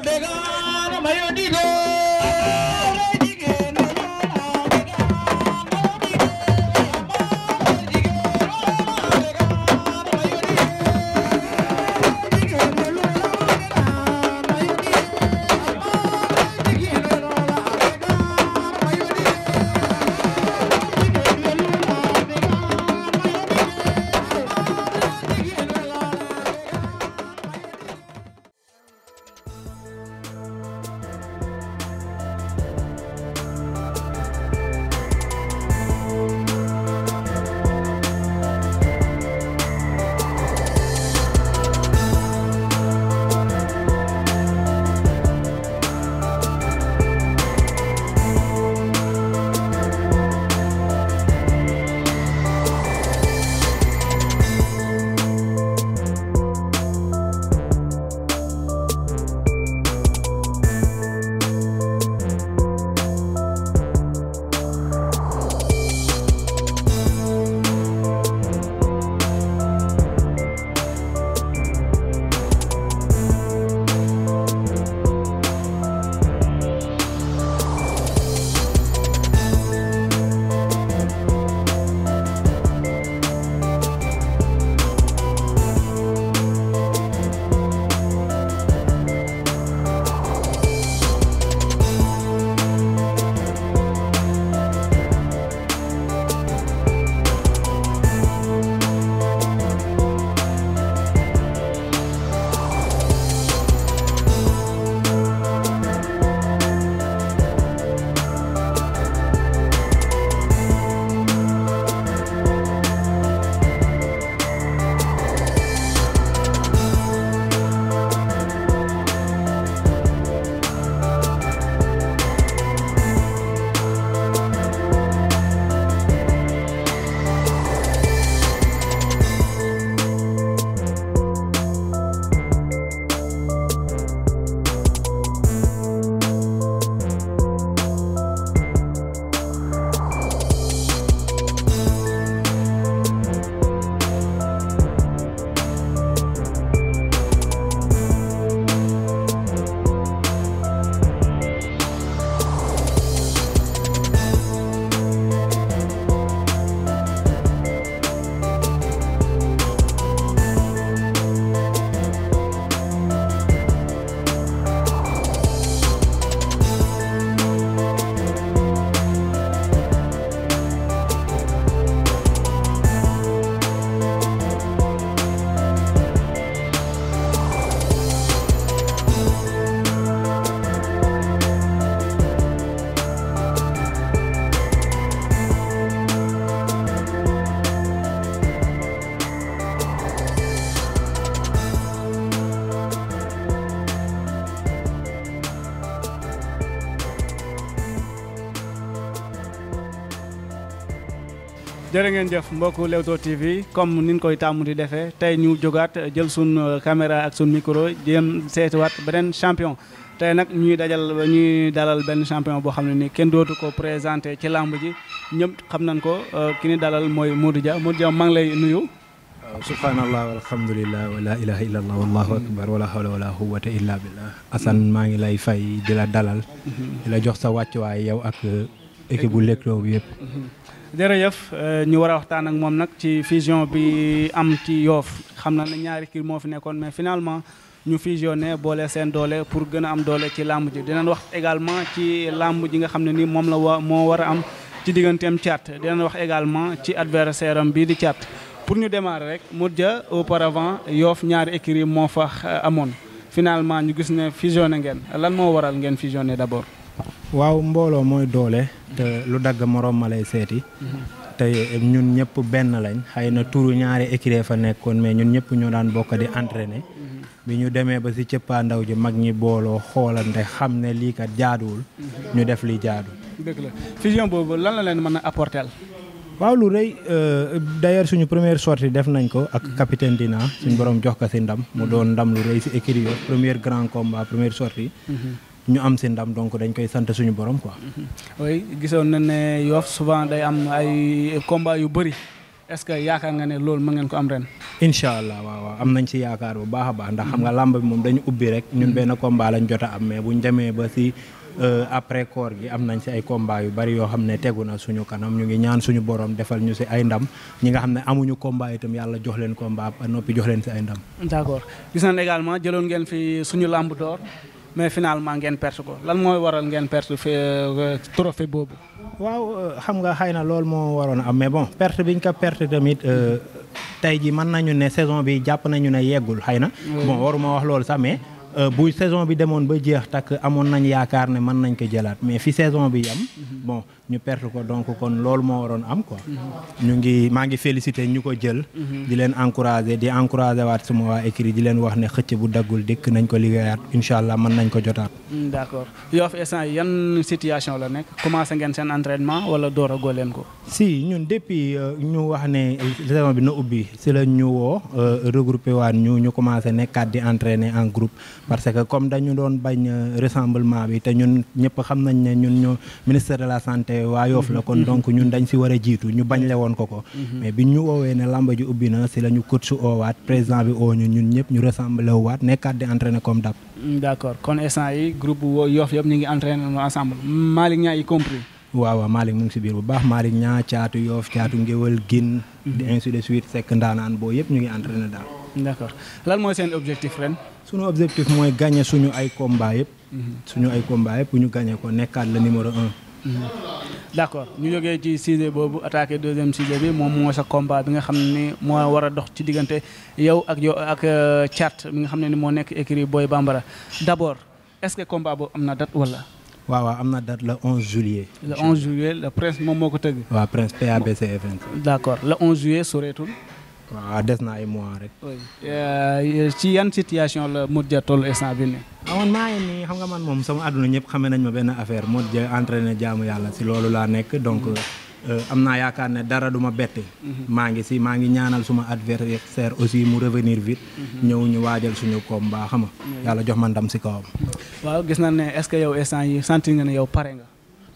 mbega na mayonilo jërë ngeen jëf mbokk Leewtoo TV comme niñ koy tàmm di defee tey ñu jogaat jël sun euh, caméra ak sun micro jéem seetiwaat beneen champion tey nag ñuy dajal ñuy dalal benn champion boo xam ne nii kenn dootu ko présenté ci làmb ji ñëpp xam nañ ko euh, ki ni dalal mooy Modou Dia Modou Dia maa ngi lay nuyu waaw subhaanallah walhamdulilah wa la ilaha illa allah wallahu akbar wala hawla wala illa billah maa ngi lay fay di la dalal mm-hmm. di la jox sa wàccuwaay yow ak euh, équipe bu Leewtoo bi yëpp mm-hmm. jërëjëf euh, ñu war a waxtaan ak moom nag ci fusion bi am ci yoof xam na ne ñaari kii moo fi nekkoon mais finalement ñu fusionné boole seen doole pour gën a am doole ci làmb ji dinañ wax également ci làmb ji nga xam ne ni moom la wa moo war a am ci digganteem Thiat dinañ wax également ci adversaire am bii di caat pour ñu démarrer rek Modou Dia auparavant yoof ñaari écurie moo fa euh, amoon finalement ñu gis ne fusionné ngeen lan moo waral ngeen fusionné d'abord waaw mbooloo mooy doole te lu dagg moroom ma lay seeti te ñun ñëpp benn lañ xëy na turu ñaari écurie fa nekkoon mais ñun ñëpp ñoo daan bokk di entraîner bi ñu demee ba si ci ndaw ji mag ñi booloo xoolante xam ne lii kat jaaduwul ñu def li jaadu dëgg la boobu lan la leen mën a apporter waaw lu rëy euh, d'ailleurs suñu première sortie def nañ ko ak capitaine Dina suñu borom jox ko ci ndam mu doon ndam lu si ci écurie première grand combat première sortie ñu am si ndam donc dañ koy sant suñu borom quoi. Mm-hmm. oui gisoon na ne Yoff souvent day am ay combat yu bëri est-ce que yaakaar nga ne loolu mën ngeen ko am ren. incha waaw am nañ si yaakaar bu baax a baax ndax xam nga mm-hmm. làmb moom dañu ubbi rek ñun mm-hmm. benn combat lañ jot am mais buñ demee ba si. Euh, après koor gi am nañ si ay combat yu bari yoo xam ne tegu na suñu kanam ñu ngi ñaan suñu boroom defal ñu si ay ndam ñi nga xam ne amuñu combat itam yàlla jox leen combat ba noppi jox leen si ay ndam. d'accord gis également jëloon ngeen fi suñu lamb mais finalement ngeen perte ko lan mooy waral ngeen perte euh, trophée boobu. waaw euh, xam nga xëy na loolu moo waroon am mais bon perte biñ ko perte tamit euh, tey ji mën nañu ne saison bi jàpp nañu ne yeggul xëy na. bon waruma wax loolu sax mais. Euh, bu saison bi demoon ba jeex takk amoon nañ yaakaar ne man nañ ko jëlaat mais fi saison bi yam mhm. bon ñu perte ko donc kon loolu moo waroon am ko mhm. ñu ngi maa ngi félicité ñu ko jël. Mhm. di leen encouragé di encouragé waat suma waa écrit di leen wax ne xëcc bu daggul dékk nañ ko liggéeyaat incha allah mën nañ ko jotaat. Mm, d' yoo Yoff instant yan situation la nekk commencé ngeen seen entraînement wala door a leen ko. si ñun depuis euh, ñu wax ne saison bi na ubbi la ñu woo euh, regroupé waat ñu ñu commencé nekkaat di entraîner en groupe. parce que comme dañu doon bañ euh, rassemblement bi te ñun ñëpp xam nañ ne ñun ñu ministère de la santé waa Yoff la kon donc ñun dañ si war a jiitu ñu bañ le woon ko ko mhm. mais bi ñu woowee ne lamba ubbi na si la ñu coach oowaat président bi oo ñu ñun ñëpp ñu rassemblé waat nekkaat di entraîner comme d'hab mm, d'accord kon instant yi groupe Yoff yëpp ñu ngi entraîner ensemble Malick Niang y compris waaw waaw Malick ngi si biir bu baax Malick Niang caatu Yoff caatu ngéwël gin mhm. ainsi de suite sekk ndaanaan yëpp ñu ngi entraîner daal d'accord lan mooy seen objectif ren. suñu objectif mooy gagner suñu ay combat yëpp. suñu ay combat yëpp bu ñu gagner ko nekkaat la numéro un. d'accord ñu jógee ci sujet boobu attaqué deuxième sujet bi moom mooy sa combat bi nga xam ni moo war dox ci diggante yow ak yow ak euh, Thiat mi nga xam ne ni moo nekk écrit Boy Bambara d'abord est-ce que combat boobu am na date wala. waaw am na date le 11 juillet. le 11 juillet le prince moom moo ko tëgg. waaw prince PABC event. d'accord le waaw des na ay mois rek. Euh, ci yan situation la Modou Dia toll instant bi nii. waaw ah, maa ngi nii xam nga man moom sama àdduna ñëpp xamee nañ ma benn affaire Modou Dia entraîné jaamu yàlla si loolu laa nekk donc mhm. euh, am naa yaakaar ne dara duma ma bett. Mhm. maa ngi si maa ngi ñaanal suma adversaire aussi mu revenir vite. Mhm. ñëw ñu waajal suñu koom xam nga. yàlla jox ma ndam si kawam. waaw gis na ne est-ce que yow instant yi sentir nga ne yow pare nga.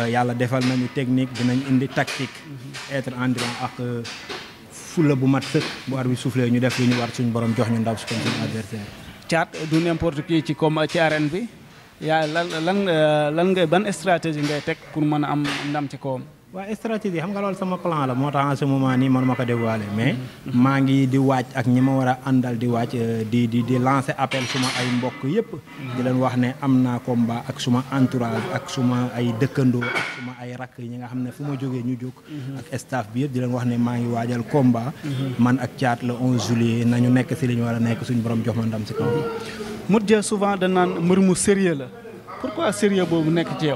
Euh, yàlla defal nañu technique dinañ indi tactique être endurant ak euh, fulla bu mat sëkk bu ar bi soufflé ñu def li ñu war suñu borom jox ñu ndaw si comme suñu adversaire caat du n'importe ci comme ci arène bi yaa lan lan eh, lan ngay ban stratégie ngay teg pour mën a am ndam ci kawam. waaw stratégie xam nga loolu sama plan la moo tax en ce moment nii man ma ko dévoilé mais. Mhm. maa ngi di waaj ak ñi ma war a àndal di waaj eh, di di di lancer appel suma ay mbokk yëpp. di leen wax ne am naa combat ak suma entourage ak su ma ay dëkkandoo ak suma ay rakk yi nga xam ne fu ma jógee ñu jóg. Mhm. ak staff bi yëpp di leen wax ne maa ngi waajal komba mhm. man ak caat la 11 juillet nañu nekk si li ñu nekk suñu borom jox ma si kaw. mut mujjee souvent da naan mbër mu sérieux la pourquoi sérieux boobu nekk ci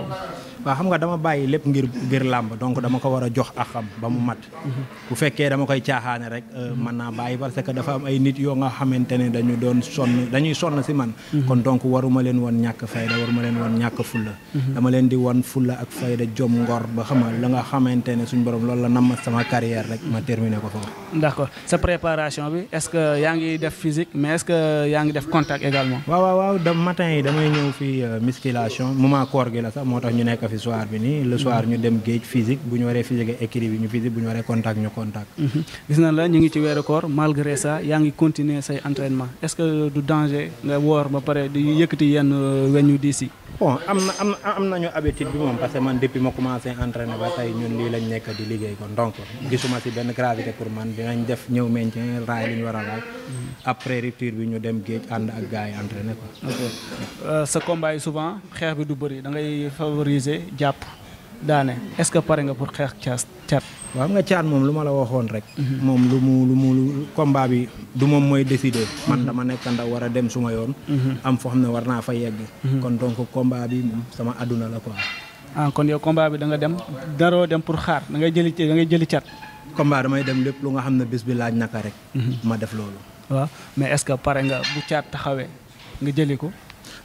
waaw xam nga dama bàyyi lépp ngir ngir làmb donc dama ko war a jox ak xam ba mu mat mm-hmm. bu fekkee dama koy caaxaane rek euh, man mm-hmm. naa bàyyi parce que dafa am ay nit yoo nga xamante ne dañu doon sonn dañuy sonn si man mm-hmm. kon donc waruma leen woon ñàkk fayda waruma leen woon ñàkk fulla dama leen di woon fulla ak fayda jom ngor ba xama la nga xamante ne suñ borom loolu la nam sama carrière rek ma terminé ko foofu d'accord sa préparation bi est-ce que yaa ngi def physique mais est si soir bi nii le ñu dem géej physique bu ñu waree physique écrit bi ñu physique bu ñu waree contact ñu contact mhm. gis na la ñu ngi ci weeru koor malgré ça yaa ngi continuer say entraînement est-ce que du danger nga woor ba pare di yëkkati yenn weñu diis yi bon am na am na am nañu habitude bi moom parce que man depuis ma commencé entraîné ba tey ñun lii lañ nekk di liggéey kon donc gisuma si benn gravité pour man dinañ def ñëw maintien raay li ñu war a laaj mm-hmm. après rupture bi ñu dem géej ànd ak gars yi entraîné quoi. Euh, sa combat souvent xeex bi du bëri da ngay favoriser jàpp. daane est-ce que pare nga pour xeex caas caat. waaw nga caat moom lu ma la waxoon rek. moom lu mu lu mu combat bi du moom mooy décider. man dama nekka ndaw war a dem suma yoon. Mhm. am foo xam ne war naa fa yegg. Mhm. kon donc combat bi moom sama adduna la quoi. ah kon yow combat bi da nga dem daroo dem pour xaar da ngay jëli da ngay jëli cat. combat damay dem lépp lu nga xam ne bés bi laaj naka rek. Mhm. ma def loolu. waaw mais est-ce que pare nga bu caat taxawee nga jëli ko.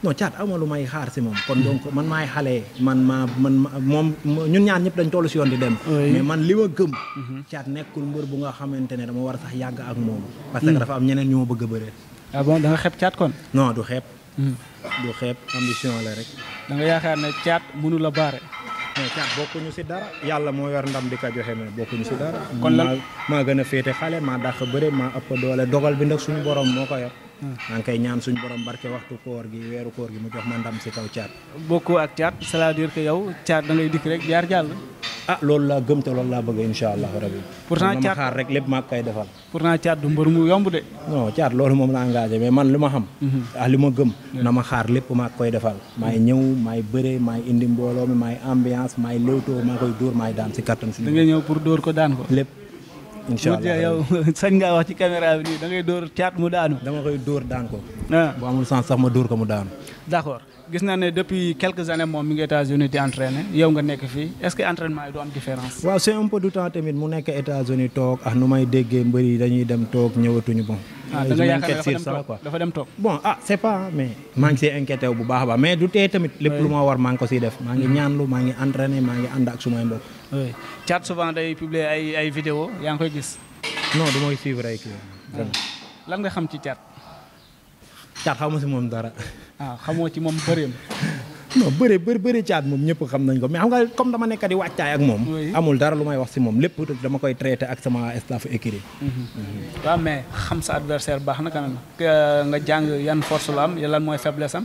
non caat aw lu may xaar si moom kon donc man maay xale man maa man moom ñun ñaan ñëpp dañ tollu si yoon di dem mais man li ma gëm mhm. caat nekkul mbër bu nga xamante ne dama war a sax yàgg ak moom mm. parce que dafa am ñeneen ñoo ma bëgg a bëre ah bon da nga xeeb caat kon non du xeeb mm. du xeeb ambition la rek da yaakaar ne caat mënu baare mais caat bokkuñu si dara yàlla moo yor ndam di ko joxe mais bokkuñu si dara kon la maa gën a féete xale maa dàq bëre maa ëpp doole dogal bi nag suñu borom moo ko yor maa ngi koy ñaan suñu borom barke waxtu koor gi weeru koor gi mu jox ma ndam si kaw caat. bokkoo ak caat c'est-à-dire caat da ngay dikk rek jaar jàll. ah loolu laa gëm loolu laa bëgg incha allah rabi. pourtant caat xaar caat du mbër mu yomb de. caat loolu moom la engagé mais man li ma xam. Mhm. ah li ma gëm. na ma xaar lépp maa koy defal. maay mhm. ñëw maay bëre maay indi mbooloo mi maay ambiance maay léwtoo maa koy dóor maay daan si kattan suñu. ñëw pour dóor ko daan ko incha allah sañ ngaa wax ci caméra bi nii da ngay dóor caat mu daanu. dama koy dóor daan ko. ah bu amul sens sax ma dóor ko mu daanu. d' accord gis naa ne depuis quelques années moom mi ngi États-Unis di entraîner yow nga nekk fii est ce que entraînement yi du am différence. waaw c' est un peu temps tamit mu nekk États-Unis toog ah nu may déggee mbër yi dañuy dem toog ñëwatuñu bon. ah da dafa dem toog bon ah c' pas mais. maa ngi siy bu baax a baax mais du tee tamit lépp lu ma war maa ngi ko siy def. maa ngi mm-hmm. ñaanlu maa ngi entraîner maa ngi ànd ak sumay mbokk oui Thiat souvent day publier ay ay vidéo yaa ngi koy gis. non du mooy suivre ay kii. Ah. lan nga xam ci Thiat. Thiat xaw ma si moom dara. ah xamoo ci moom bëreem. non bëre bëri bëri caat moom ñëpp xam nañ ko mais xam nga comme dama nekk di wàccaay ak moom. amul dara lu may wax si moom lépp dama koy traité ak sama staff écrit. waaw mhm. mais xam sa adversaire baax na quand nga jàng yan force la am lan mooy faiblesse am.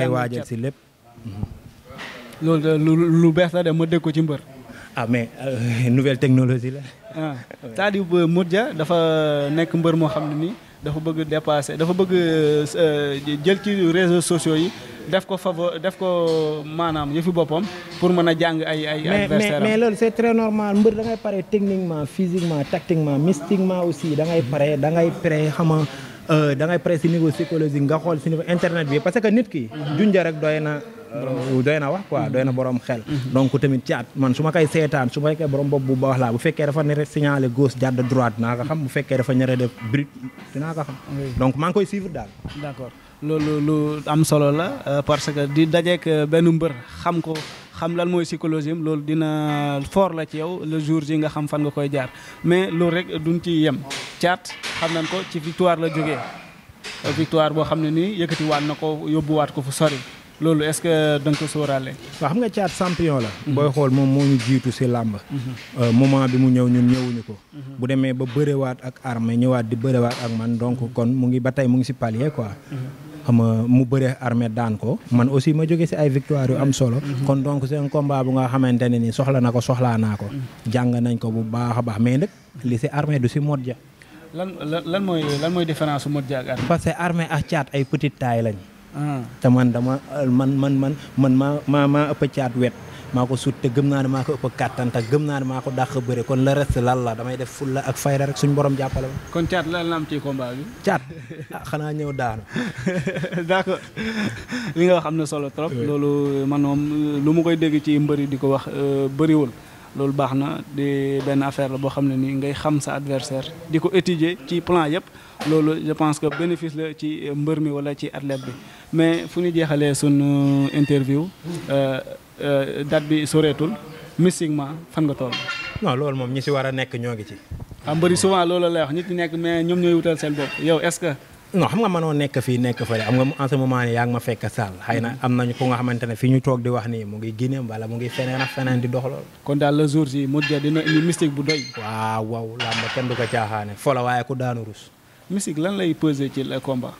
koy waajal lu lu bees la de ma dégg ko ci mbër. ah mais euh, nouvelle technologie la. ah c'est-à-dire dafa nekk mbër moo xam ne nii dafa bëgg dépasser dafa bëgg euh, jël ci réseaux sociaux yi def ko favor def ko maanaam yëfi boppam pour mën a jàng ay ay. adversaires mais loolu c'est très normal mbër da pare techniquement physiquement tactiquement mystiquement aussi da pare da pare xama Euh, da ngay presse si niveau psychologique nga xool si niveau internet bi parce que nit ki. junja rek doy na. Euh, doy na wax quoi doy na borom xel. donc tamit caat man su ma koy seetaan su ma koy borom bopp bu baax laa bu fekkee dafa nere signalé gauche jàdd droite dinaa ko xam bu fekkee dafa nere def brute dinaa ko xam. donc maa ngi koy suivre daal. solo la euh, parce que di dajeek benn mbër xam ko. xam lan mooy psychologie loolu dina foor la ci yow le jour ji nga xam fan nga koy jaar mais loolu rek duñ ci yem caat xam nañ ko ci victoire la jógee victoire boo xam ne nii yëkkatiwaat na ko yóbbuwaat ko fu sori loolu est-ce que da nga ko sóoraale. xam nga caat champion la. Mhm. booy xool moom moo ñu jiitu si làmb. Mhm. Euh, moment bi mu ñëw ñun ñëwuñu ko. Mhm. bu demee ba waat ak armée ñëwaat di bërewaat ak man donc kon mu ngi ba tey mu ngi si palier quoi. xam nga mu bëre armée daan ko man aussi ma jóge si ay victoire yu am solo kon donc c'est un combat bu nga xamante ne ni soxla na ko soxlaa naa ko jàng nañ ko bu baax a baax mais nag li si armée du si mot ja lan lan mooy lan mooy différence su Modou Dia ak armée. que armée ak caat ay petite taille lañ. Ah. te man dama man man man man maa maa maa ëpp caat wet. maa ko sut te gëm naa ne maa ko ëpp kàttan gëm naa ne maa ko dàq bëri kon la reste lan la damay def fulla ak fayda rek suñu borom jàppale ma. kon caat lan la am ci combat bi. caat ah xanaa ñëw daanu. d'accord li nga wax am na solo trop. loolu man moom lu mu koy dégg ci mbëri di ko wax euh, bëriwul. loolu baax na di benn affaire la boo xam ne nii ngay xam sa adversaire di ko étudier ci plan yëpp loolu je pense que bénéfice la ci mbër mi wala ci athlète bi mais fu ñu jeexalee sunu interview euh, euh, date bi soreetul mystiquement fan nga toll. non loolu moom ñi si war a nekk ñoo ngi ci. ah mbëri souvent loolu lay wax ñi nekk mais ñoom ñooy wutal seen bopp yow est-ce que. no xam nga mënoo nekk fii nekk fële am nga en ce moment na am nañu ko nga xamante ne fii ñu toog di wax nii mu ngi Guinée wala mu ngi feneen ak feneen di dox lool. kon daal le jour ji Modou Dia dina indi bu doy. waaw waaw làmb kenn du ko caaxaane fola waaye ku daanu rus. mystique lan lay peser ci le combat.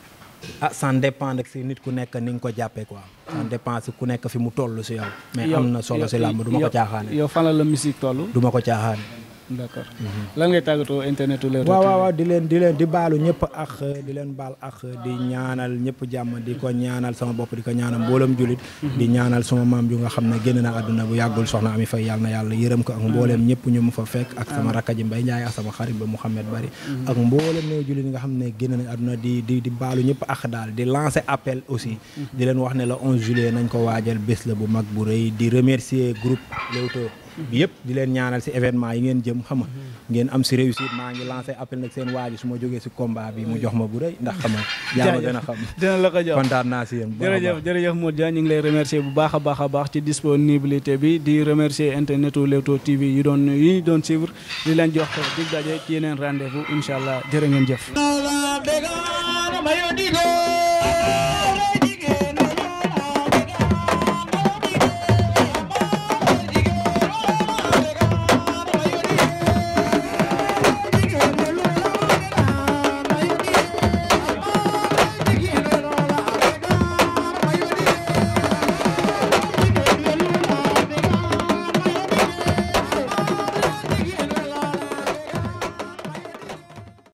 ah ça dépend rek si nit ku nekk ni nga ko jàppee quoi. ça dépend si ku nekk fi mu toll si yow. mais am na solo si làmb du ma yow fan la mystique toll. du ko caaxaane. d' accord lan ngay tàggatoo internet Leewtoo waaw waaw waaw di leen di leen di baalu ñëpp ak di leen baal ak di ñaanal ñëpp jàmm di ko ñaanal sama bopp di ko ñaanal mboolem julit mhm. di ñaanal sama maam ju nga xam ne génn na àdduna bu yàggul soxna Ami Faye yàlla yàlla yërëm ko ak mbooleem ñëpp ñu mu fa fekk ak sama rakka ji Mbay Njaay ak sama xarit ba Mouhamed Bari mhm. ak mbooleem néew julit nga xam ne génn nañ àdduna di baalu ñëpp ak daal di lancer appel aussi mhm. di leen wax ne la 11 juillet yëpp di leen ñaanal si événement yi ngeen jëm xam nga ngeen am si réussite maa ngi lancé appel nag seen waa ji su ma jógee si combat bi mu jox ma bu rëy ndax xam yaa ma gën a xam dina la ko jox kontaan naa si yéen jërëjëf ñu ngi lay remercier bu baax a baax a baax ci disponibilité bi di remercier internet u TV yi doon suivre di leen jox dig daje ci yeneen rendez-vous incha ngeen jëf